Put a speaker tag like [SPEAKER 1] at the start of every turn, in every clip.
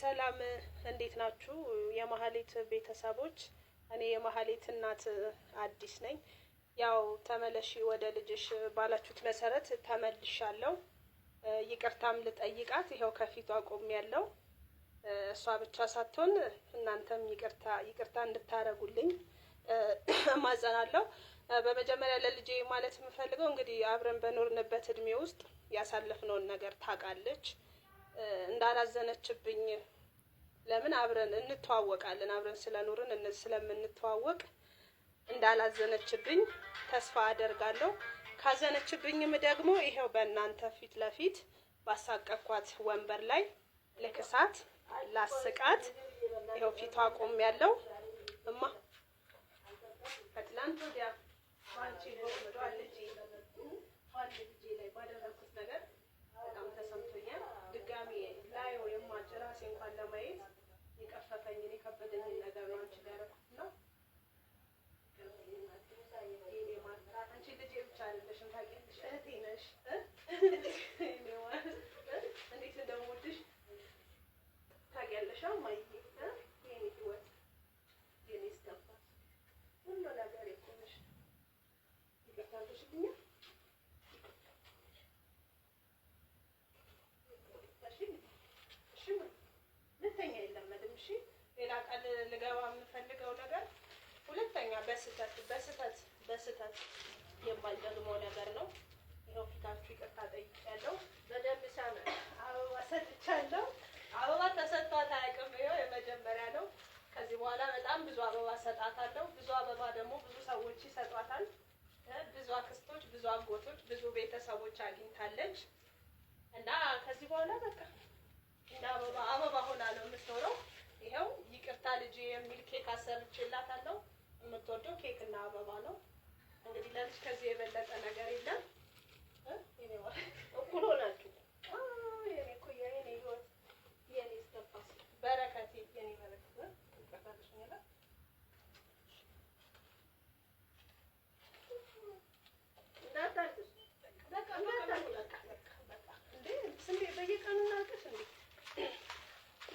[SPEAKER 1] ሰላም እንዴት ናችሁ? የማህሌት ቤተሰቦች እኔ የማህሌት እናት አዲስ ነኝ። ያው ተመለሺ ወደ ልጅሽ ባላችሁት መሰረት ተመልሻለሁ። ይቅርታም ልጠይቃት ይኸው ከፊቷ ቆም ያለው እሷ ብቻ ሳትሆን እናንተም ይቅርታ ይቅርታ እንድታረጉልኝ እማጸናለሁ። በመጀመሪያ ለልጄ ማለት የምፈልገው እንግዲህ አብረን በኖርንበት እድሜ ውስጥ ያሳለፍነውን ነገር ታውቃለች። እንዳላዘነችብኝ ለምን አብረን እንተዋወቃለን አብረን ስለኖርን ስለምንተዋወቅ እንዳላዘነችብኝ ተስፋ አደርጋለሁ። ካዘነችብኝም ደግሞ ይሄው በእናንተ ፊት ለፊት ባሳቀኳት ወንበር ላይ ልክሳት ላስቃት ይሄው ፊቷ ቆም ያለው እማ ሌላ ቃል ልገባ የምፈልገው ነገር ሁለተኛ በስተት በስተት በስተት የማልደግመው ነገር ነው። ይኸው ፊታችሁ ይቅርታ ጠይቄያለሁ። በደንብ ሳመ አበባ ሰጥቻለሁ። አበባ ተሰጥቷት አያውቅም። ይኸው የመጀመሪያ ነው። ከዚህ በኋላ በጣም ብዙ አበባ ሰጣታለሁ። ብዙ አበባ ደግሞ ብዙ ሰዎች ይሰጧታል። ብዙ አክስቶች፣ ብዙ አጎቶች፣ ብዙ ቤተሰቦች አግኝታለች እና ከዚህ በኋላ በቃ እንደ አበባ አበባ ሆና ነው የምትኖረው። ይቅርታ ልጅ የሚል ኬክ አሰርቼላታለሁ። የምትወደው ኬክ እና አበባ ነው። እንግዲህ ለልጅ ከዚህ የበለጠ ነገር የለም። እኩል ሆናል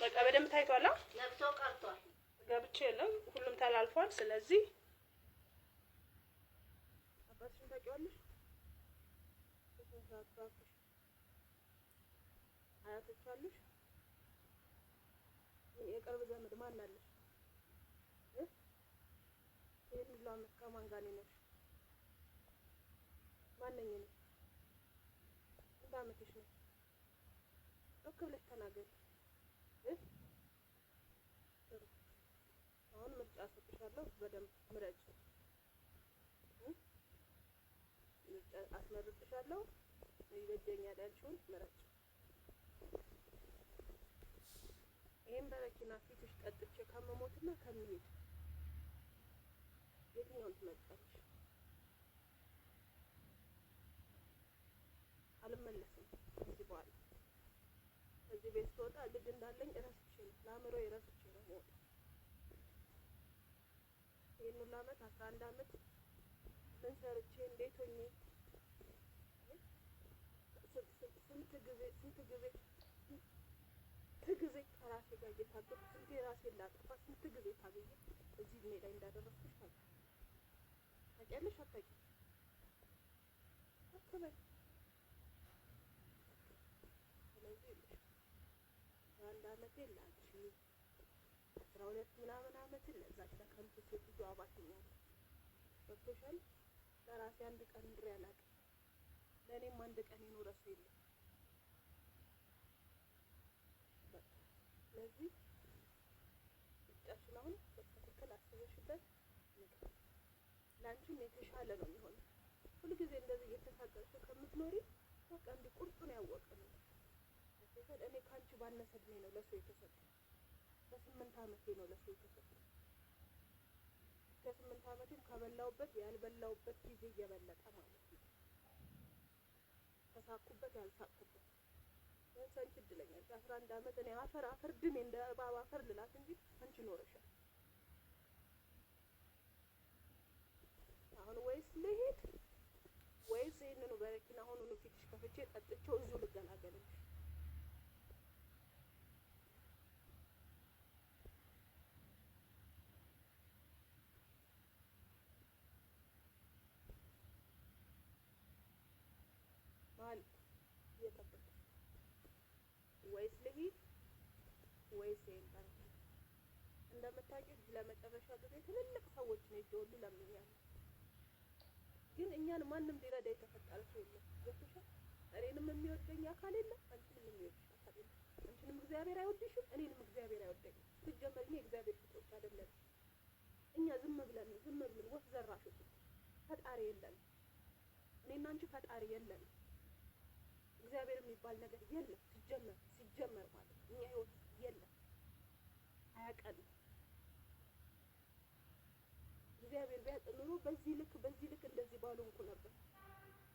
[SPEAKER 1] በቃ በደንብ ታይቷል። ገብቶ ቀርቷል። ገብቼ የለም ሁሉም ተላልፏል። ስለዚህ አያቶች አሉሽ? የቅርብ ዘመድ ማን አለሽ? ይህን ሁሉ አመት ከማን ጋር ነው የኖርሽ? ማነኝ ነው? ስንት ዓመትሽ ነው? ብለሽ ተናገሪ። አደርጋለሁ። በደንብ ምረጭ። አስመርጥሻለሁ። ይበጀኛል ያልሽውን ምረጭ። ይህም በረኪና ፊትሽ ጠጥቼ ከመሞትና ከሚሄድ የትኛውን ትመርጫለሽ? አልመለስም ከዚህ በኋላ ከዚህ ቤት ስወጣ ልጅ እንዳለኝ እረስቼ ነው ለአእምሮ እረስቼ ሙሉ አመት አስራ አንድ አመት ምን ሰርቼ እንዴት ሆኜ ስንት ጊዜ ስንት ጊዜ ስንት ጊዜ ከራሴ ጋር እየታገልኩ ስንት ራሴን ላጥፋ ስንት ጊዜ ታገኘ እዚህ እድሜ ላይ እንዳደረስኩሽ ታውቂ ታውቂያለሽ አታውቂም? አትበይ። ስለዚህ አንድ አመት የለ አስራ ሁለት ምናምን አመትን ለዛች ለከንቱ ሴት ብዙ አባትኛለሁ። ገብቶሻል። ለራሴ አንድ ቀን እንድሬ አላውቅም። ለእኔም አንድ ቀን የኖረ ሰው የለም። ስለዚህ ብቻሽን አሁን በትክክል አስበሽበት ነገር ለአንቺም የተሻለ ነው የሚሆነው። ሁልጊዜ እንደዚህ እየተሳቀቅሽ ከምትኖሪ በቃ እንዲህ ቁርጡን ያወቅን እኔ ከአንቺ ባነሰ እድሜ ነው ለሰው የተሰጠው በስምንት ዓመቴ ነው ለሰው የተሰጠኝ። ከስምንት ዓመቴም ከበላውበት ያልበላውበት ጊዜ እየበለጠ ማለት ነው። ከሳኩበት ያልሳኩበት አንቺ እድለኛለሽ። አስራ አንድ ዓመት እኔ አፈር አፈር ድሜ እንደ እባብ አፈር ልላት እንጂ አንቺ ኖረሻል። አሁን ወይስ ልሂድ ወይስ ይህንኑ በረኪና አሁኑኑ ፊትሽ ከፍቼ ጠጥቼው እዚሁ ልገላገልልሽ ፖሊስ የለም። እንደምታውቂው ለመጨረሻ ጊዜ ትልልቅ ሰዎች ነው ይደውሉ ለምኛል፣ ግን እኛን ማንም ሊረዳ የተፈጠረ ሰው የለም። ገብቶሻል? እኔንም የሚወደኝ አካል የለም፣ አንቺንም የሚወድሽ አካል የለም። አንቺንም እግዚአብሔር አይወድሽም፣ እኔንም እግዚአብሔር አይወደኝም። ሲጀመር እኛ እግዚአብሔር ፍጥሮች አይደለም። እኛ ዝም ብለን ዝም ብለን ወፍ ዘራሾች፣ ፈጣሪ የለም። እኔና አንቺ ፈጣሪ የለም። እግዚአብሔር የሚባል ነገር የለም ሲጀመር ሲጀመር ማለት እኛ ህይወት አያቀንም። እግዚአብሔር ቢያውቅ ኑሮ በዚህ ልክ በዚህ ልክ እንደዚህ ባልሆንኩ ነበር።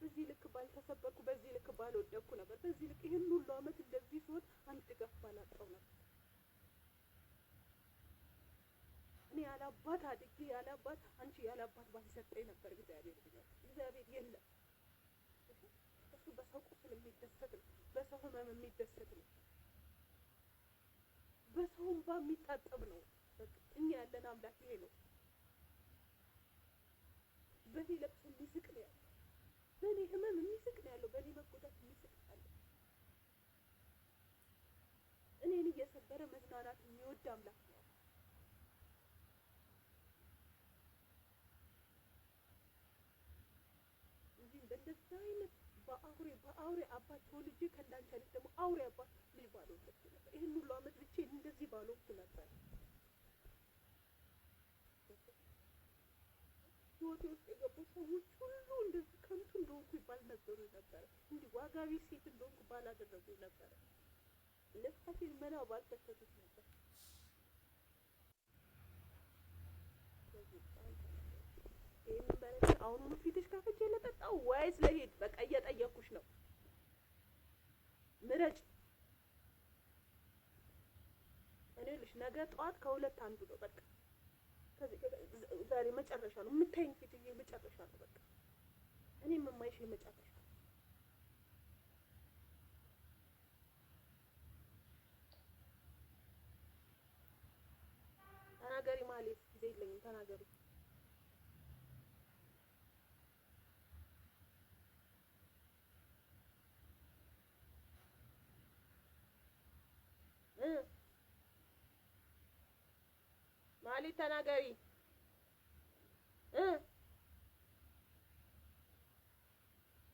[SPEAKER 1] በዚህ ልክ ባልተሰበርኩ፣ በዚህ ልክ ባልወደኩ ነበር። በዚህ ልክ ይህን ሁሉ አመት እንደዚህ ሲሆን አንድ ድጋፍ ባላጣው ነበር። እኔ ያለ አድጌ ያለ አንቺ ያለ ባልሰጠኝ ነበር። እግዚአብሔር እግዚአብሔር የለም እሱ በሰው ቁስል የሚደሰት ነው፣ በሰው ህመም የሚደሰት ነው። በሰው እንባ የሚታጠብ ነው። እኛ ያለን አምላክ ይሄ ነው። በእኔ ለቅሶ የሚስቅ ነው ያለው። በእኔ ህመም የሚስቅ ነው ያለው። በእኔ መጎዳት የሚስቅ ነው ያለው። እኔን እየሰበረ መዝናናት የሚወድ አምላክ ነው ያለው። እንዲህ በእንደዚህ አይነት በአውሬ አውሬ አባት ተወልጄ ከእንዳንተ ልጅ ደግሞ አውሬ አባት ልጅ ባልወለድኩ ነበር። ይህን ሁሉ አመት ብቼ እንደዚህ ባልወለድኩ ነበር። ህይወቴ ውስጥ የገቡ ሰዎች ሁሉ እንደዚህ ከንቱ እንደሆንኩ ባልነገሩ ነበረ። እንዲህ ዋጋቢ ሴት እንደሆንኩ ባላደረጉ ነበረ። ነፍሳቴን መላ ባልከተቱት ነበር። ይህንን በረኪ አሁኑኑ ፊትሽ ከፍቼ ወይስ በቃ እየጠየኩሽ ነው። ምረጭ። እኔ ልሽ ነገ ጠዋት ከሁለት አንዱ ነው። በቃ ዛሬ መጨረሻ ነው የምታይኝ ፊት መጨረሻ ነው። በቃ እኔ የምማይሽ የመጨረሻ ተናገሪ ማለት ጊዜ የለኝም። ተናገሪ ማሌት ተናገሪ እ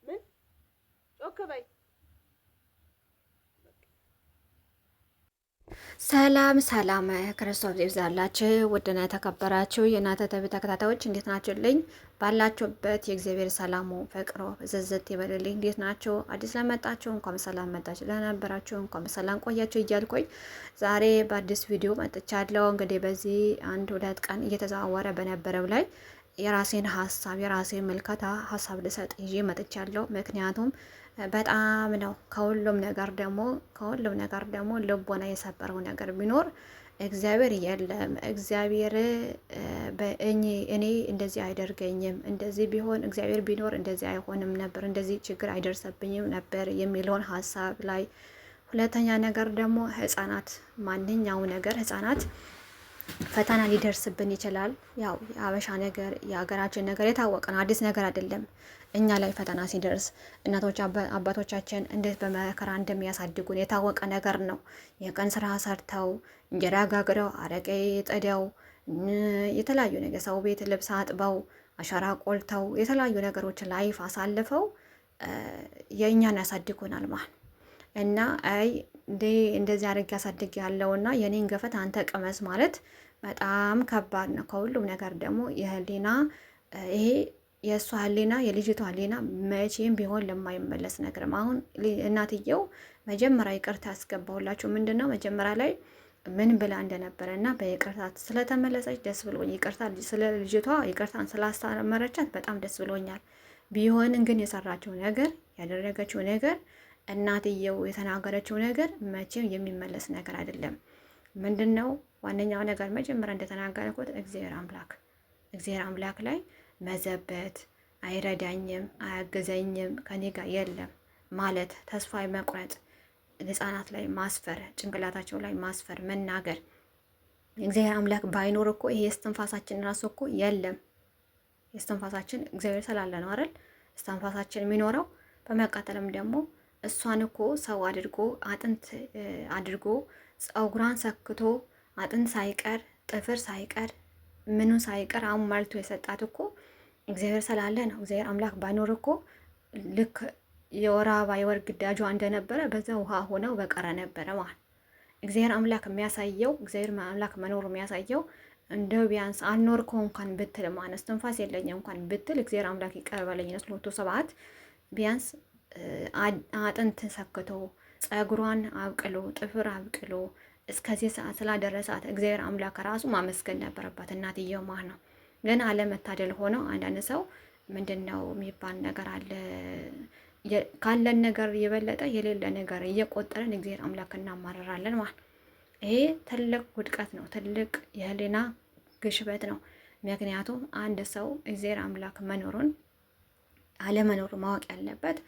[SPEAKER 1] ምን ጮክ በይ ሰላም ሰላም ክርስቶስ ይብዛላችሁ። ውድና የተከበራችሁ የእናንተ ተብ ተከታታዮች እንዴት ናችሁልኝ? ባላችሁበት የእግዚአብሔር ሰላሙ ፈቅሮ ዘዘት ይበልልኝ። እንዴት ናችሁ? አዲስ ለመጣችሁ እንኳን ሰላም መጣችሁ፣ ለነበራችሁ እንኳን ሰላም ቆያችሁ እያልኩኝ ዛሬ በአዲስ ቪዲዮ መጥቻለሁ። እንግዲህ በዚህ አንድ ሁለት ቀን እየተዘዋወረ በነበረው ላይ የራሴን ሀሳብ የራሴን ምልከታ ሀሳብ ልሰጥ ይዤ መጥቻለሁ። ምክንያቱም በጣም ነው። ከሁሉም ነገር ደግሞ ከሁሉም ነገር ደግሞ ልቦና የሰበረው ነገር ቢኖር እግዚአብሔር የለም። እግዚአብሔር በእኔ እኔ እንደዚህ አይደርገኝም፣ እንደዚህ ቢሆን እግዚአብሔር ቢኖር እንደዚህ አይሆንም ነበር፣ እንደዚህ ችግር አይደርሰብኝም ነበር የሚለውን ሀሳብ ላይ ሁለተኛ ነገር ደግሞ ህጻናት፣ ማንኛው ነገር ህጻናት ፈተና ሊደርስብን ይችላል። ያው የአበሻ ነገር የሀገራችን ነገር የታወቀ ነው፣ አዲስ ነገር አይደለም። እኛ ላይ ፈተና ሲደርስ እናቶች አባቶቻችን እንዴት በመከራ እንደሚያሳድጉን የታወቀ ነገር ነው። የቀን ስራ ሰርተው እንጀራ ጋግረው አረቄ ጥደው የተለያዩ ነገር ሰው ቤት ልብስ አጥበው አሻራ ቆልተው የተለያዩ ነገሮች ላይፍ አሳልፈው የእኛን ያሳድጉናል ማለት እና አይ እንዴ እንደዚህ አድርግ ያሳድግ ያለው ያለውና የኔን ገፈት አንተ ቅመስ ማለት በጣም ከባድ ነው። ከሁሉም ነገር ደግሞ የህሊና ይሄ የእሷ ህሊና የልጅቷ ህሊና መቼም ቢሆን ለማይመለስ ነገርም። አሁን እናትየው መጀመሪያ ይቅርታ ያስገባሁላችሁ ምንድን ነው መጀመሪያ ላይ ምን ብላ እንደነበረ እና በይቅርታ ስለተመለሰች ደስ ብሎኝ ይቅርታ ስለ ልጅቷ ይቅርታን ስላስተመረቻት በጣም ደስ ብሎኛል። ቢሆንም ግን የሰራችው ነገር ያደረገችው ነገር እናትየው የተናገረችው ነገር መቼም የሚመለስ ነገር አይደለም። ምንድን ነው ዋነኛው ነገር መጀመሪያ እንደተናገርኩት እግዚአብሔር አምላክ እግዚአብሔር አምላክ ላይ መዘበት፣ አይረዳኝም፣ አያገዘኝም፣ ከኔ ጋር የለም ማለት፣ ተስፋ መቁረጥ፣ ህፃናት ላይ ማስፈር፣ ጭንቅላታቸው ላይ ማስፈር፣ መናገር እግዚአብሔር አምላክ ባይኖር እኮ ይሄ እስትንፋሳችን ራሱ እኮ የለም። እስትንፋሳችን እግዚአብሔር ስላለ ነው አይደል? እስትንፋሳችን የሚኖረው በመቃጠልም ደግሞ እሷን እኮ ሰው አድርጎ አጥንት አድርጎ ጸጉሯን ሰክቶ አጥንት ሳይቀር ጥፍር ሳይቀር ምኑ ሳይቀር አሁን አሟልቶ የሰጣት እኮ እግዚአብሔር ስላለ ነው። እግዚአብሔር አምላክ ባይኖር እኮ ልክ የወር አበባ የወር ግዳጇ እንደነበረ በዛ ውሃ ሆነው በቀረ ነበረ ማለት እግዚአብሔር አምላክ የሚያሳየው እግዚአብሔር አምላክ መኖሩ የሚያሳየው እንደ ቢያንስ አልኖርኩ እንኳን ብትል ማነስ ትንፋስ የለኝ እንኳን ብትል እግዚአብሔር አምላክ ይቀርበለኝ ነው። ሎቶ ሰባት ቢያንስ አጥንት ሰክቶ ጸጉሯን አብቅሎ ጥፍር አብቅሎ እስከዚህ ሰዓት ስላደረሳት እግዚአብሔር አምላክ ራሱ ማመስገን ነበረባት እናትየው ማለት ነው። ግን አለመታደል ሆነው አንዳንድ ሰው ምንድን ነው የሚባል ነገር አለ ካለን ነገር የበለጠ የሌለ ነገር እየቆጠረን እግዚአብሔር አምላክ እናማረራለን ማለት ይሄ ትልቅ ውድቀት ነው። ትልቅ የህሊና ግሽበት ነው። ምክንያቱም አንድ ሰው እግዚአብሔር አምላክ መኖሩን አለመኖሩ ማወቅ ያለበት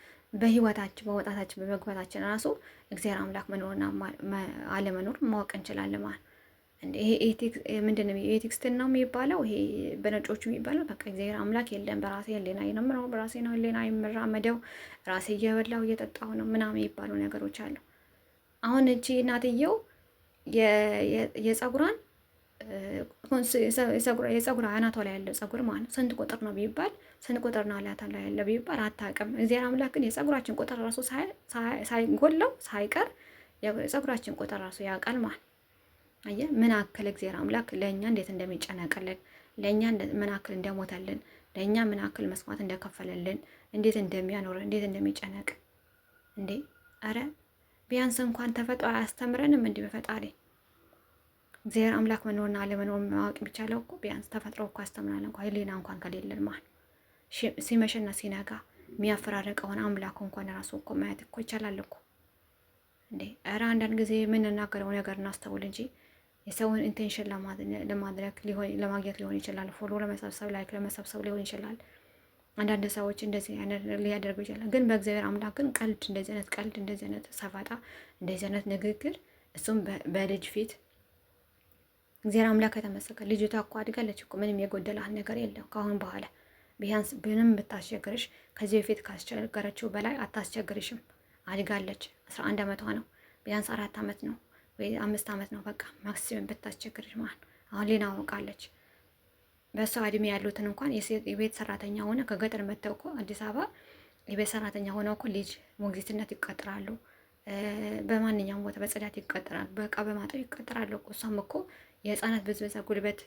[SPEAKER 1] በህይወታችን በወጣታችን በመግባታችን ራሱ እግዚአብሔር አምላክ መኖሩን አለመኖር ማወቅ እንችላለን ማለት ምንድን ነው የቴክስትን ነው የሚባለው ይሄ በነጮቹ የሚባለው በቃ እግዚአብሔር አምላክ የለም፣ በራሴ ህሊና የምራው በራሴ ነው ህሊና የምራመደው፣ ራሴ እየበላው እየጠጣው ነው ምናምን የሚባሉ ነገሮች አሉ። አሁን እቺ እናትየው የጸጉሯን የጸጉር አናቷ ላይ ያለው ጸጉር ማለት ነው። ስንት ቁጥር ነው ቢባል ስንት ቁጥር ነው አናቷ ላይ ያለው ቢባል አታውቅም። እግዚአብሔር አምላክ ግን የጸጉራችን ቁጥር ራሱ ሳይጎለው ሳይቀር የጸጉራችን ቁጥር ራሱ ያውቃል ማለት አየ ምን አክል እግዚአብሔር አምላክ ለእኛ እንዴት እንደሚጨነቅልን ለእኛ ምን አክል እንደሞተልን ለእኛ ምን አክል መስዋዕት እንደከፈለልን እንዴት እንደሚያኖር እንዴት እንደሚጨነቅ እንዴ! አረ ቢያንስ እንኳን ተፈጥሮ አያስተምረንም? እንዲህ በፈጣሪ እግዚአብሔር አምላክ መኖርና አለመኖር ማወቅ ቢቻለው እኮ ቢያንስ ተፈጥሮ እኮ አስተምራል እንኳ ህሊና እንኳን ከሌለን ማን ሲመሸና ሲነጋ የሚያፈራረቀውን አምላኩ እንኳን ራሱ እኮ ማየት እኮ ይቻላል እኮ እንዴ! አረ አንዳንድ ጊዜ የምንናገረው ነገር እናስተውል እንጂ የሰውን ኢንቴንሽን ለማድረግ ለማግኘት ሊሆን ይችላል። ፎሎ ለመሰብሰብ፣ ላይክ ለመሰብሰብ ሊሆን ይችላል። አንዳንድ ሰዎች እንደዚህ አይነት ሊያደርጉ ይችላል። ግን በእግዚአብሔር አምላክ ግን ቀልድ እንደዚህ አይነት ቀልድ እንደዚህ አይነት ሰፋጣ እንደዚህ አይነት ንግግር እሱም በልጅ ፊት እግዚአብሔር አምላክ የተመሰገነ። ልጅቷ እኮ አድጋለች እኮ ምንም የጎደላት ነገር የለም። ከአሁን በኋላ ቢያንስ ምንም ብታስቸግርሽ ከዚህ በፊት ካስቸገረችው በላይ አታስቸግርሽም። አድጋለች። አስራ አንድ ዓመቷ ነው። ቢያንስ አራት ዓመት ነው ወይ አምስት ዓመት ነው በቃ ማክሲም ብታስቸግርሽ ማለት ነው። አሁን ሌና አውቃለች። በሷ እድሜ ያሉትን እንኳን የቤት ሰራተኛ ሆነ ከገጠር መጥተው እኮ አዲስ አበባ የቤት ሰራተኛ ሆነው እኮ ልጅ ሞግዚትነት ይቀጥራሉ። በማንኛውም ቦታ በጽዳት ይቀጥራሉ፣ በእቃ በማጠብ ይቀጥራሉ። እሷም እኮ የህፃናት ብዝበዛ ጉልበት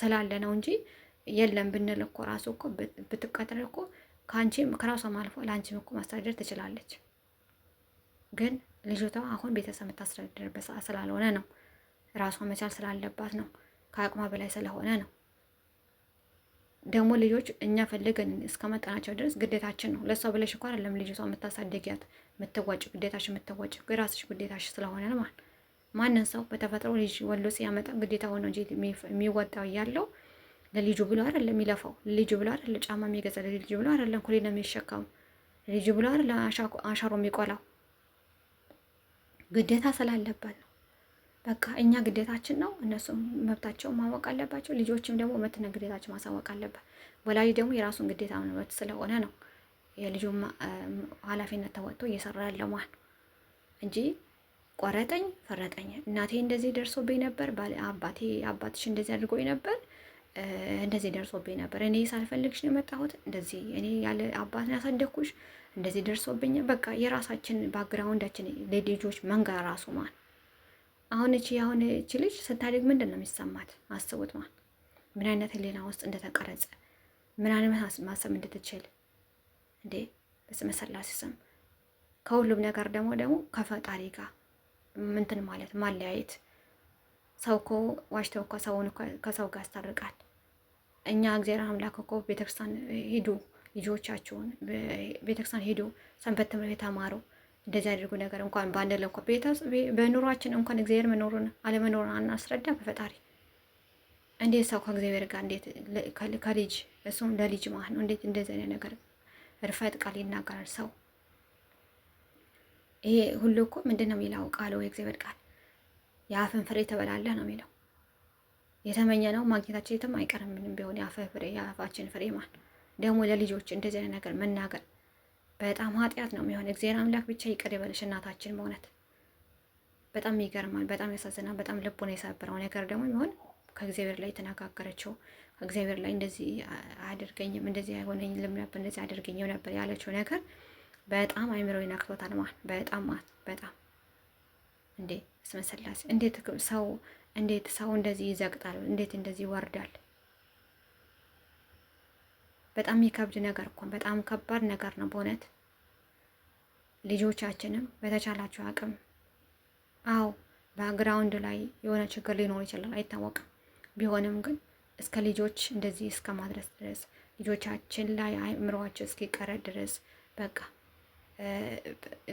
[SPEAKER 1] ስላለ ነው እንጂ የለም ብንል እኮ ራሱ እኮ ብትቀጥር እኮ ከአንቺም ከራሷም አልፎ ለአንቺም እኮ ማስተዳደር ትችላለች ግን ልጅቷ አሁን ቤተሰብ የምታስተዳድርበት ሰዓት ስላልሆነ ነው። ራሷ መቻል ስላለባት ነው። ከአቅሟ በላይ ስለሆነ ነው። ደግሞ ልጆች እኛ ፈልገን እስከመጣናቸው ድረስ ግዴታችን ነው። ለእሷ ብለሽ እንኳን አይደለም ልጅቷ የምታሳደጊያት የምትዋጭ ግዴታሽ የምትዋጭ የራስሽ ግዴታሽ ስለሆነ ነው ማለት ማንን ሰው በተፈጥሮ ልጅ ወሎ ሲያመጣ ግዴታ ሆነ እንጂ የሚወጣው ያለው ለልጁ ብሎ አይደለም የሚለፋው፣ ልጁ ብሎ አይደለም ጫማ የሚገዛ፣ ለልጁ ብሎ አይደለም ነው የሚሸከሙ፣ ለልጁ ብሎ አይደለም አሻሮ የሚቆላው ግዴታ ስላለበት ነው። በቃ እኛ ግዴታችን ነው፣ እነሱም መብታቸውን ማወቅ አለባቸው። ልጆችም ደግሞ መብትና ግዴታቸው ማሳወቅ አለበት። ወላጅ ደግሞ የራሱን ግዴታ መብት ስለሆነ ነው የልጁ ኃላፊነት ተወጥቶ እየሰራ ያለው ማለት እንጂ ቆረጠኝ ፈረጠኝ፣ እናቴ እንደዚህ ደርሶብኝ ነበር፣ አባቴ አባትሽ እንደዚህ አድርጎኝ ነበር፣ እንደዚህ ደርሶብኝ ነበር፣ እኔ ሳልፈልግሽ ነው የመጣሁት፣ እንደዚህ እኔ ያለ አባትን ያሳደግኩሽ እንደዚህ ደርሶብኝ በቃ የራሳችን ባክግራውንዳችን ለልጆች መንጋ ራሱ ማን አሁን እቺ አሁን እቺ ልጅ ስታደግ ምንድን ነው የሚሰማት? አስቡት ማን ምን አይነት ህሊና ውስጥ እንደተቀረጸ ምን አይነት ማሰብ እንድትችል እንዴ በስመ ስላሴ ስም ከሁሉም ነገር ደግሞ ደግሞ ከፈጣሪ ጋር ምንትን ማለት ማለያየት ሰው እኮ ዋሽተው እኮ ሰውን ከሰው ጋር ያስታርቃል። እኛ እግዚአብሔር አምላክ እኮ ቤተክርስቲያን ሂዱ ልጆቻቸውን ቤተክርስቲያን ሄዶ ሰንበት ትምህርት የተማረው እንደዚህ አድርጉ ነገር እንኳን በአንድ ለኮ በኑሯችን እንኳን እግዚአብሔር መኖሩን አለመኖሩን አናስረዳ በፈጣሪ እንዴት ሰው ከእግዚአብሔር ጋር እንዴት ከልጅ እሱም ለልጅ ማለት ነው። እንዴት እንደዚህ አይነት ነገር እርፈት ቃል ይናገራል ሰው። ይሄ ሁሉ እኮ ምንድን ነው የሚለው ቃል ወይ እግዚአብሔር ቃል የአፍን ፍሬ ተበላለህ ነው የሚለው። የተመኘ ነው ማግኘታችን የትም አይቀርም ምንም ቢሆን የአፍን ፍሬ የአፋችን ፍሬ ማለት ነው። ደግሞ ለልጆች እንደዚህ አይነት ነገር መናገር በጣም ኃጢአት ነው የሚሆን። እግዚአብሔር አምላክ ብቻ ይቅር ይበልሽ እናታችን። በእውነት በጣም ይገርማል፣ በጣም ያሳዝናል፣ በጣም ልቡን የሰበረው ነገር ደግሞ የሚሆን ከእግዚአብሔር ላይ የተነጋገረችው ከእግዚአብሔር ላይ እንደዚህ አድርገኝም እንደዚህ አይሆነኝም ነበር እንደዚህ አድርገኝም ነበር ያለችው ነገር በጣም አይምሮ ይነክቶታል። ማለት በጣም ማለት በጣም እንዴ ስመሰላሴ! እንዴት ሰው እንዴት ሰው እንደዚህ ይዘቅጣል? እንዴት እንደዚህ ይወርዳል? በጣም የሚከብድ ነገር እኮ በጣም ከባድ ነገር ነው በእውነት ልጆቻችንም በተቻላቸው አቅም አዎ በግራውንድ ላይ የሆነ ችግር ሊኖር ይችላል አይታወቅም ቢሆንም ግን እስከ ልጆች እንደዚህ እስከ ማድረስ ድረስ ልጆቻችን ላይ አእምሯቸው እስኪቀረ ድረስ በቃ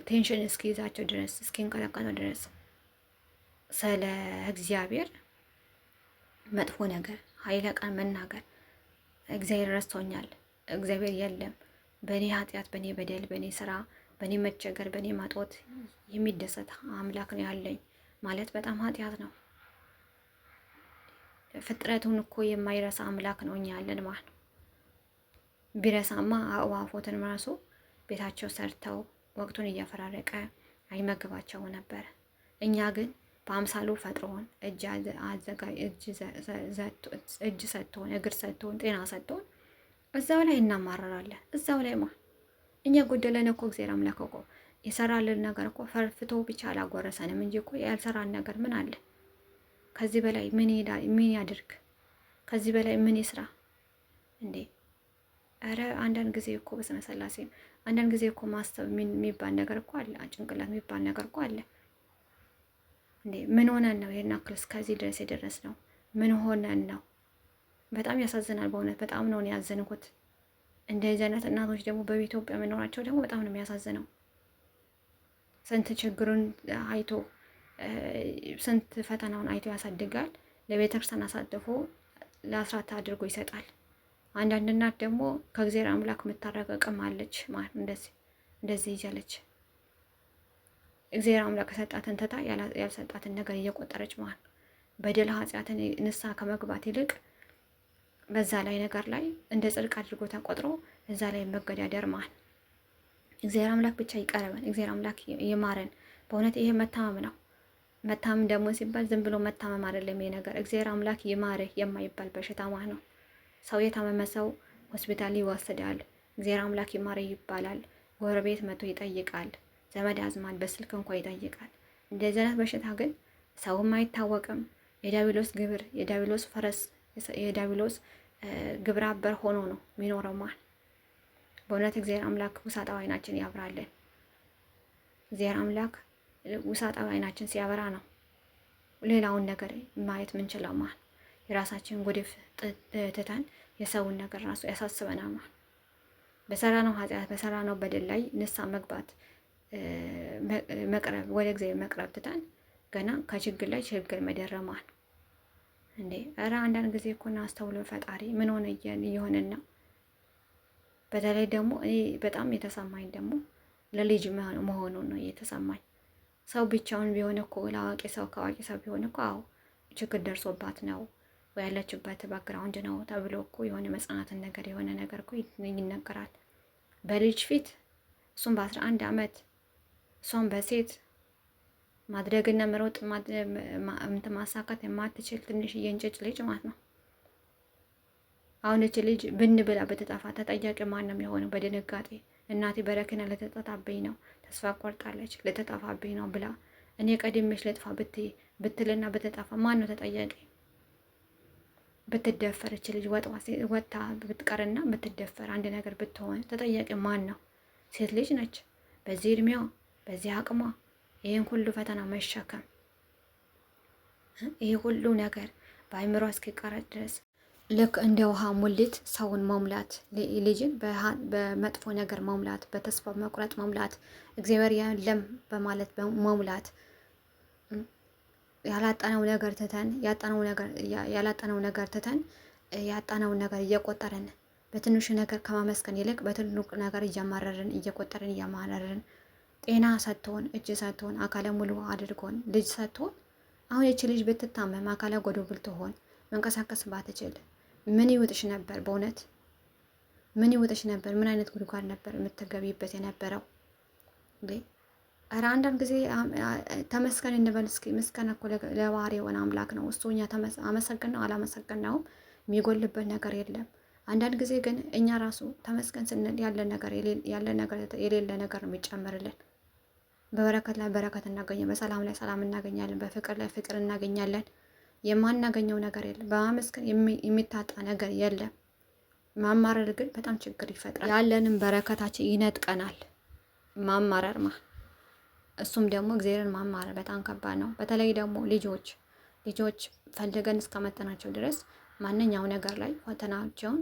[SPEAKER 1] ቴንሽን እስኪይዛቸው ድረስ እስኪንቀጠቀጠው ድረስ ስለ እግዚአብሔር መጥፎ ነገር ኃይለ ቃል መናገር እግዚአብሔር ረስቶኛል፣ እግዚአብሔር የለም፣ በእኔ ኃጢአት፣ በእኔ በደል፣ በእኔ ስራ፣ በእኔ መቸገር፣ በእኔ ማጦት የሚደሰት አምላክ ነው ያለኝ ማለት በጣም ኃጢአት ነው። ፍጥረቱን እኮ የማይረሳ አምላክ ነው እኛ ያለን ማለት ነው። ቢረሳማ አእዋፎትን ራሱ ቤታቸው ሰርተው ወቅቱን እያፈራረቀ አይመግባቸው ነበር። እኛ ግን በአምሳሉ ፈጥሮን እጅ ሰጥቶን እግር ሰጥቶን ጤና ሰጥቶን እዛው ላይ እናማረራለን። እዛው ላይ ማ እኛ ጎደለን እኮ እግዚአብሔር አምላክ እኮ የሰራልን ነገር እኮ ፈርፍቶ ብቻ አላጎረሰንም እንጂ እኮ ያልሰራን ነገር ምን አለ? ከዚህ በላይ ምን ያድርግ? ከዚህ በላይ ምን ይስራ እንዴ? ኧረ አንዳንድ ጊዜ እኮ በስመ አንዳንድ ጊዜ እኮ ማሰብ የሚባል ነገር እኮ አለ። ጭንቅላት የሚባል ነገር እኮ አለ። እንዴ ምን ሆነን ነው ይሄን አክል እስከዚህ ድረስ የደረስ ነው? ምን ሆነን ነው? በጣም ያሳዝናል። በእውነት በጣም ነው ያዘንኩት። እንደዚህ አይነት እናቶች ደግሞ በኢትዮጵያ መኖራቸው ደግሞ በጣም ነው የሚያሳዝነው። ስንት ችግሩን አይቶ ስንት ፈተናውን አይቶ ያሳድጋል። ለቤተክርስቲያን አሳልፎ ለአስራት አድርጎ ይሰጣል። አንዳንድ እናት ደግሞ ከእግዚአብሔር አምላክ የምታረቀቅም አለች ማለት እንደዚህ እንደዚህ ይዛለች። እግዚአብሔር አምላክ የሰጣትን ትታ ያልሰጣትን ነገር እየቆጠረች መሆን በደል ኃጢአትን ንሳ ከመግባት ይልቅ በዛ ላይ ነገር ላይ እንደ ጽድቅ አድርጎ ተቆጥሮ እዛ ላይ መገዳደር መሃል እግዚአብሔር አምላክ ብቻ ይቀረበን። እግዚአብሔር አምላክ ይማረን። በእውነት ይሄ መታመም ነው። መታመም ደግሞ ሲባል ዝም ብሎ መታመም አይደለም። ይሄ ነገር እግዚአብሔር አምላክ ይማርህ የማይባል በሽታ ማለት ነው። ሰው የታመመ ሰው ሆስፒታል ይወስዳል። እግዚአብሔር አምላክ ይማርህ ይባላል። ጎረቤት መቶ ይጠይቃል። ዘመድ አዝማድ በስልክ እንኳ ይጠይቃል። እንደዚህ አይነት በሽታ ግን ሰውም አይታወቅም። የዳቢሎስ ግብር የዳቢሎስ ፈረስ የዳቢሎስ ግብረ አበር ሆኖ ነው የሚኖረው። በእውነት እግዚአብሔር አምላክ ውሳጣዊ አይናችን ያብራለን። እግዚአብሔር አምላክ ውሳጣዊ አይናችን ሲያበራ ነው ሌላውን ነገር ማየት ምንችለው። ማል የራሳችን ጉድፍ ትተን የሰውን ነገር ራሱ ያሳስበናል። ማል በሰራ ነው ኃጢአት በሰራ ነው በደል ላይ ንሳ መግባት መቅረብ ወደ እግዚአብሔር መቅረብ ትተን ገና ከችግር ላይ ችግር መደረማል እንዴ! ኧረ አንዳንድ ጊዜ እኮ አስተውሎ ፈጣሪ ምን ሆነ እየሆነና በተለይ ደግሞ እኔ በጣም የተሰማኝ ደግሞ ለልጅ መሆኑ ነው የተሰማኝ። ሰው ብቻውን ቢሆን እኮ ለአዋቂ ሰው ከአዋቂ ሰው ቢሆን እኮ አዎ ችግር ደርሶባት ነው ያለችበት ባግራውንድ ነው ተብሎ እኮ የሆነ መጽናትን ነገር የሆነ ነገር እኮ ይነገራል። በልጅ ፊት እሱም በአስራ አንድ እሷን በሴት ማድረግና መሮጥ እንትን ማሳካት የማትችል ትንሽ እንጭጭ ልጅ ማለት ነው። አሁን እች ልጅ ብን ብላ በተጣፋ ተጠያቂ ማን ነው የሚሆነው? በድንጋጤ እናቴ በረኪና ለተጠጣብኝ ነው ተስፋ ቆርጣለች ለተጣፋብኝ ነው ብላ እኔ ቀድሜሽ ብት ብትልና በተጣፋ ማን ነው ተጠያቂ? ብትደፈረች ልጅ ወጥታ ብትቀርና ብትደፈር አንድ ነገር ብትሆን ተጠያቂ ማን ነው? ሴት ልጅ ነች በዚህ እድሜዋ በዚህ አቅሟ ይህን ሁሉ ፈተና መሸከም ይህ ሁሉ ነገር በአይምሮ እስኪቀረጥ ድረስ ልክ እንደ ውሃ ሙሊት ሰውን መሙላት፣ ልጅን በመጥፎ ነገር መሙላት፣ በተስፋ መቁረጥ መሙላት፣ እግዚአብሔር የለም በማለት መሙላት፣ ያላጠነው ነገር ትተን ያጠነው ነገር ያላጠነው ነገር ትተን ያጣነውን ነገር እየቆጠረን በትንሹ ነገር ከማመስገን ይልቅ በትልቅ ነገር እያማረርን እየቆጠረን እያማረርን ጤና ሰጥቶን እጅ ሰጥቶን አካለ ሙሉ አድርጎን ልጅ ሰጥቶን አሁን ይቺ ልጅ ብትታመም አካለ ጎዶብል ትሆን መንቀሳቀስ ባትችል ምን ይውጥሽ ነበር? በእውነት ምን ይውጥሽ ነበር? ምን አይነት ጉድጓድ ነበር የምትገቢበት የነበረው? ኧረ አንዳንድ ጊዜ ተመስገን እንበል እስኪ። ምስጋና እኮ ለባህሪ የሆነ አምላክ ነው እሱ። እኛ አመሰግን ነው አላመሰግን ነው የሚጎልበት ነገር የለም። አንዳንድ ጊዜ ግን እኛ ራሱ ተመስገን ስንል ያለ ነገር የሌለ ነገር ነው የሚጨምርልን። በበረከት ላይ በረከት እናገኛለን። በሰላም ላይ ሰላም እናገኛለን። በፍቅር ላይ ፍቅር እናገኛለን። የማናገኘው ነገር የለም። በማመስገን የሚታጣ ነገር የለም። ማማረር ግን በጣም ችግር ይፈጥራል። ያለንም በረከታችን ይነጥቀናል። ማማረር ማ እሱም ደግሞ እግዚአብሔርን ማማረር በጣም ከባድ ነው። በተለይ ደግሞ ልጆች ልጆች ፈልገን እስከመጠናቸው ድረስ ማንኛው ነገር ላይ ፈተናቸውን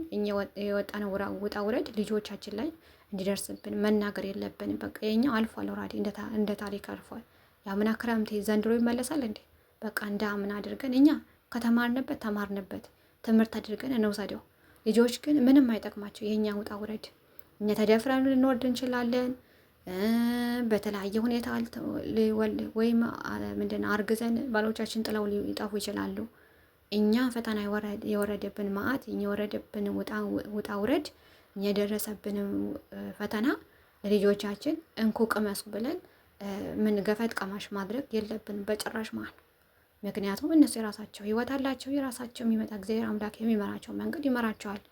[SPEAKER 1] የወጣነው ውጣ ውረድ ልጆቻችን ላይ እንዲደርስብን መናገር የለብንም። በቃ የኛው አልፏል፣ ወራዴ እንደ ታሪክ አልፏል። የአምና ክረምት ዘንድሮ ይመለሳል እንዴ? በቃ እንደ አምና አድርገን እኛ ከተማርንበት ተማርንበት ትምህርት አድርገን እንውሰደው። ልጆች ግን ምንም አይጠቅማቸው የእኛ ውጣ ውረድ። እኛ ተደፍረን ልንወርድ እንችላለን። በተለያየ ሁኔታ ወይም ምንድን አርግዘን ባሎቻችን ጥለው ሊጠፉ ይችላሉ። እኛ ፈተና የወረደብን መዓት የወረደብን ውጣ ውረድ የደረሰብን ፈተና ልጆቻችን እንኩ ቅመሱ ብለን ምን ገፈት ቀማሽ ማድረግ የለብን በጭራሽ ማለት ነው። ምክንያቱም እነሱ የራሳቸው ህይወት አላቸው። የራሳቸው የሚመጣ እግዚአብሔር አምላክ የሚመራቸው መንገድ ይመራቸዋል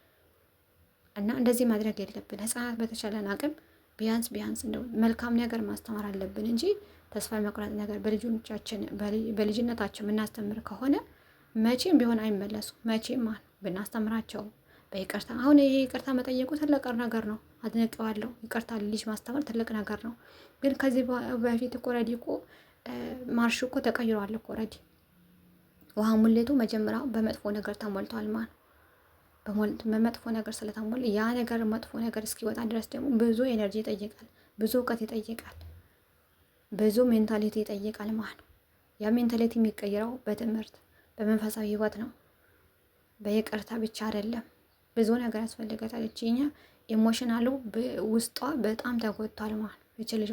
[SPEAKER 1] እና እንደዚህ ማድረግ የለብን። ህጻናት በተቻለን አቅም ቢያንስ ቢያንስ እንደው መልካም ነገር ማስተማር አለብን እንጂ ተስፋ መቁረጥ ነገር በልጆቻችን በልጅነታቸው የምናስተምር ከሆነ መቼም ቢሆን አይመለሱ መቼም ማን ብናስተምራቸው በይቅርታ አሁን ይሄ ይቅርታ መጠየቁ ትልቅ ነገር ነው። አድንቀዋለሁ። ይቅርታ ልጅ ማስተማር ትልቅ ነገር ነው። ግን ከዚህ በፊት እኮ ረዲ እኮ ማርሽ እኮ ተቀይሯል እኮ ረዲ ውሃ ሙሌቱ መጀመሪያ በመጥፎ ነገር ተሞልቷል። ማን በመጥፎ ነገር ስለተሞል ያ ነገር መጥፎ ነገር እስኪወጣ ድረስ ደግሞ ብዙ ኤነርጂ ይጠይቃል፣ ብዙ እውቀት ይጠይቃል፣ ብዙ ሜንታሊቲ ይጠይቃል። ማን ያ ሜንታሊቲ የሚቀይረው በትምህርት በመንፈሳዊ ህይወት ነው። በይቅርታ ብቻ አይደለም፣ ብዙ ነገር ያስፈልገታል። እችኛ ኢሞሽናሉ ውስጧ በጣም ተጎድቷል ማል ይች ልጅ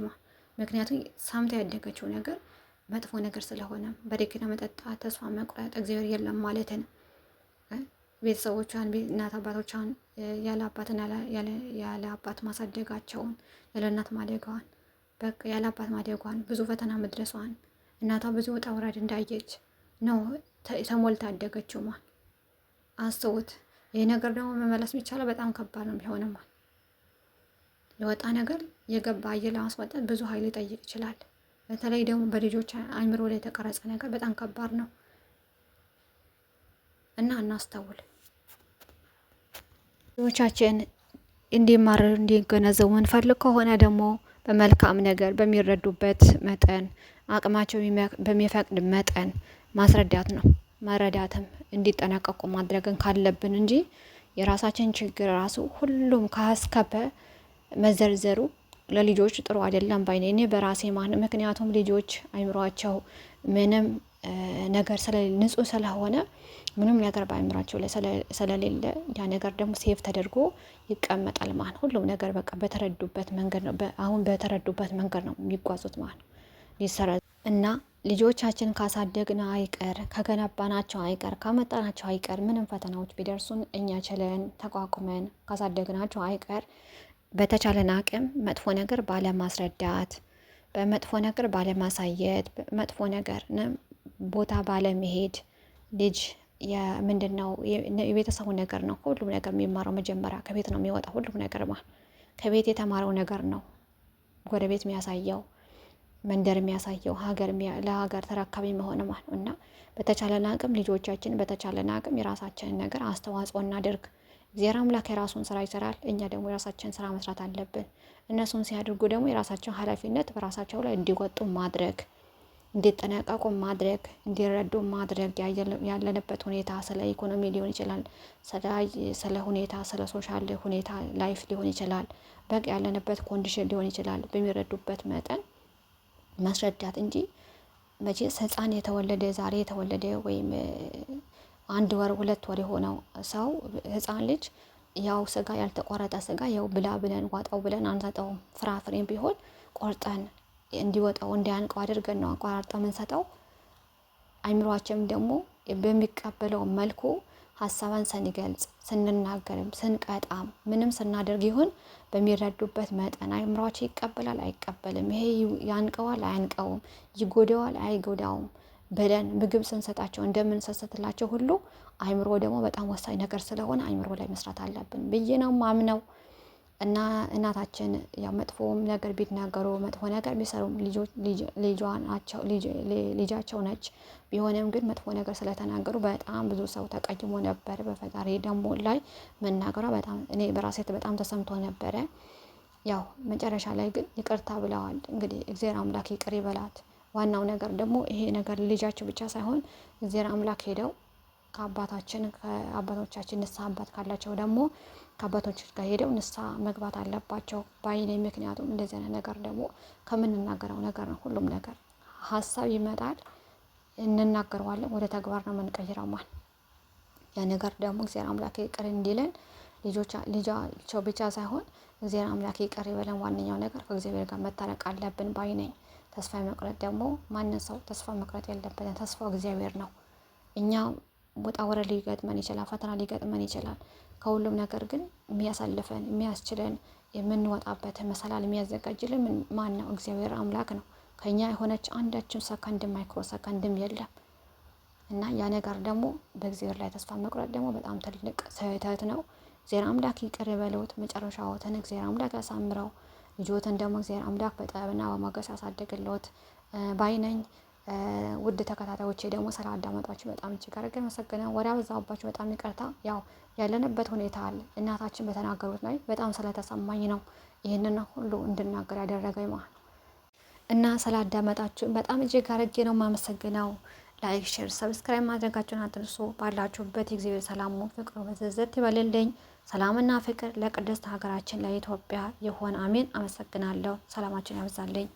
[SPEAKER 1] ምክንያቱም ሳምታ ያደገችው ነገር መጥፎ ነገር ስለሆነ በደግና መጠጣ ተስፋ መቁረጥ፣ እግዚአብሔር የለም ማለት ነው። ቤተሰቦቿን እናት አባቶቿን ያለ አባትን ያለ አባት ማሳደጋቸውን ያለ እናት ማደጓን በቃ ያለ አባት ማደጓን ብዙ ፈተና መድረሷን እናቷ ብዙ ውጣ ውረድ እንዳየች ነው ተሞልታ አደገችው ማለት አስቡት። ይህ ነገር ደግሞ መመለስ የሚቻለው በጣም ከባድ ነው ቢሆንም ማለት የወጣ ነገር የገባ አየር ለማስወጣት ብዙ ኃይል ሊጠይቅ ይችላል። በተለይ ደግሞ በልጆች አይምሮ ላይ የተቀረጸ ነገር በጣም ከባድ ነው እና እናስተውል። ልጆቻችን እንዲማረሩ እንዲገነዘቡ ምንፈልግ ከሆነ ደግሞ በመልካም ነገር በሚረዱበት መጠን አቅማቸው በሚፈቅድ መጠን ማስረዳት ነው። መረዳትም እንዲጠናቀቁ ማድረግን ካለብን እንጂ የራሳችን ችግር ራሱ ሁሉም ካስከበ መዘርዘሩ ለልጆች ጥሩ አይደለም ባይ እኔ በራሴ ማን ምክንያቱም ልጆች አይምሯቸው ምንም ነገር ንጹህ ስለሆነ ምንም ነገር በአይምሯቸው ላይ ስለሌለ ያ ነገር ደግሞ ሴፍ ተደርጎ ይቀመጣል ማለት ሁሉም ነገር በቃ በተረዱበት መንገድ ነው። አሁን በተረዱበት መንገድ ነው የሚጓዙት ማለት ሊሰረዝ እና ልጆቻችን ካሳደግን አይቀር ከገነባናቸው አይቀር ካመጣናቸው አይቀር ምንም ፈተናዎች ቢደርሱን እኛ ችለን ተቋቁመን ካሳደግናቸው አይቀር በተቻለን አቅም መጥፎ ነገር ባለማስረዳት፣ በመጥፎ ነገር ባለማሳየት፣ መጥፎ ነገር ቦታ ባለመሄድ ልጅ ምንድን ነው የቤተሰቡ ነገር ነው። ሁሉም ነገር የሚማረው መጀመሪያ ከቤት ነው የሚወጣ ሁሉም ነገር ከቤት የተማረው ነገር ነው ጎረቤት የሚያሳየው መንደር የሚያሳየው ሀገር ለሀገር ተረካቢ መሆን ማለት ነው እና በተቻለን አቅም ልጆቻችን በተቻለን አቅም የራሳችንን ነገር አስተዋጽኦ እናደርግ። እግዚአብሔር አምላክ የራሱን ስራ ይሰራል። እኛ ደግሞ የራሳችን ስራ መስራት አለብን። እነሱን ሲያደርጉ ደግሞ የራሳቸውን ኃላፊነት በራሳቸው ላይ እንዲወጡ ማድረግ፣ እንዲጠነቀቁ ማድረግ፣ እንዲረዱ ማድረግ። ያለንበት ሁኔታ ስለ ኢኮኖሚ ሊሆን ይችላል፣ ስለ ሁኔታ ስለ ሶሻል ሁኔታ ላይፍ ሊሆን ይችላል፣ በቂ ያለንበት ኮንዲሽን ሊሆን ይችላል። በሚረዱበት መጠን ማስረዳት እንጂ መቼ ህፃን የተወለደ ዛሬ የተወለደ ወይም አንድ ወር ሁለት ወር የሆነው ሰው ህፃን ልጅ ያው ስጋ ያልተቆረጠ ስጋ ያው ብላ ብለን ዋጣው ብለን አንሰጠውም። ፍራፍሬም ቢሆን ቆርጠን እንዲወጣው እንዲያንቀው አድርገን ነው አቋራርጠ ምንሰጠው። አይምሯችንም ደግሞ በሚቀበለው መልኩ ሀሳባን ስንገልጽ ስንናገርም ስንቀጣም ምንም ስናደርግ ይሁን በሚረዱበት መጠን አእምሯቸው ይቀበላል አይቀበልም፣ ይሄ ያንቀዋል አያንቀውም፣ ይጎዳዋል አይጎዳውም ብለን ምግብ ስንሰጣቸው እንደምንሰሰትላቸው ሁሉ አእምሮ ደግሞ በጣም ወሳኝ ነገር ስለሆነ አእምሮ ላይ መስራት አለብን ብዬ ነው ማምነው። እና እናታችን ያው መጥፎም ነገር ቢናገሩ መጥፎ ነገር ቢሰሩም ልጃቸው ነች። ቢሆንም ግን መጥፎ ነገር ስለተናገሩ በጣም ብዙ ሰው ተቀይሞ ነበር። በፈጣሪ ደግሞ ላይ መናገሯ በጣም እኔ በራሴት በጣም ተሰምቶ ነበረ። ያው መጨረሻ ላይ ግን ይቅርታ ብለዋል። እንግዲህ እግዜር አምላክ ይቅር ይበላት። ዋናው ነገር ደግሞ ይሄ ነገር ልጃቸው ብቻ ሳይሆን እግዜር አምላክ ሄደው ከአባታችን ከአባቶቻችን ንስሐ አባት ካላቸው ደግሞ ከአባቶች ጋር ሄደው ንሳ መግባት አለባቸው ባይኔ። ምክንያቱም እንደዚህ አይነት ነገር ደግሞ ከምንናገረው ነገር ነው። ሁሉም ነገር ሀሳብ ይመጣል፣ እንናገረዋለን፣ ወደ ተግባር ነው የምንቀይረው። ማን ያ ነገር ደግሞ እግዚአብሔር አምላክ ይቅር እንዲለን ልጃቸው ብቻ ሳይሆን እግዚአብሔር አምላክ ይቅር ይበለን። ዋነኛው ነገር ከእግዚአብሔር ጋር መታረቅ አለብን ባይነኝ። ተስፋ መቁረጥ ደግሞ ማንን ሰው ተስፋ መቁረጥ የለበትን። ተስፋው እግዚአብሔር ነው እኛ ውጣ ወረድ ሊገጥመን ይችላል፣ ፈተና ሊገጥመን ይችላል። ከሁሉም ነገር ግን የሚያሳልፈን የሚያስችለን የምንወጣበት መሰላል የሚያዘጋጅልን ማን ነው? እግዚአብሔር አምላክ ነው። ከኛ የሆነች አንዳችም ሰከንድም ማይክሮ ሰከንድም የለም እና ያ ነገር ደግሞ በእግዚአብሔር ላይ ተስፋ መቁረጥ ደግሞ በጣም ትልቅ ስህተት ነው። እግዚአብሔር አምላክ ይቅር በለውት። መጨረሻዎትን እግዚአብሔር አምላክ ያሳምረው። ልጆትን ደግሞ እግዚአብሔር አምላክ በጥበብና በሞገስ ያሳደግለውት ባይነኝ ውድ ተከታታዮቼ ደግሞ ስራ አዳመጣችሁ በጣም እጅግ አድርጌ አመሰግናለሁ። ወሬ አበዛሁባችሁ፣ በጣም ይቅርታ። ያው ያለንበት ሁኔታ አለ። እናታችን በተናገሩት ላይ በጣም ስለተሰማኝ ነው ይህንን ሁሉ እንድናገር ያደረገኝ ማለት ነው። እና ስላዳመጣችሁ በጣም እጅግ አድርጌ ነው የማመሰግነው። ላይክ፣ ሼር፣ ሰብስክራይብ ማድረጋችሁን አትርሱ። ባላችሁበት የእግዚአብሔር ሰላሙ ፍቅሩ በዘዘት ይበልልኝ። ሰላምና ፍቅር ለቅድስት ሀገራችን ለኢትዮጵያ ይሆን፣ አሜን። አመሰግናለሁ። ሰላማችን ያብዛልኝ።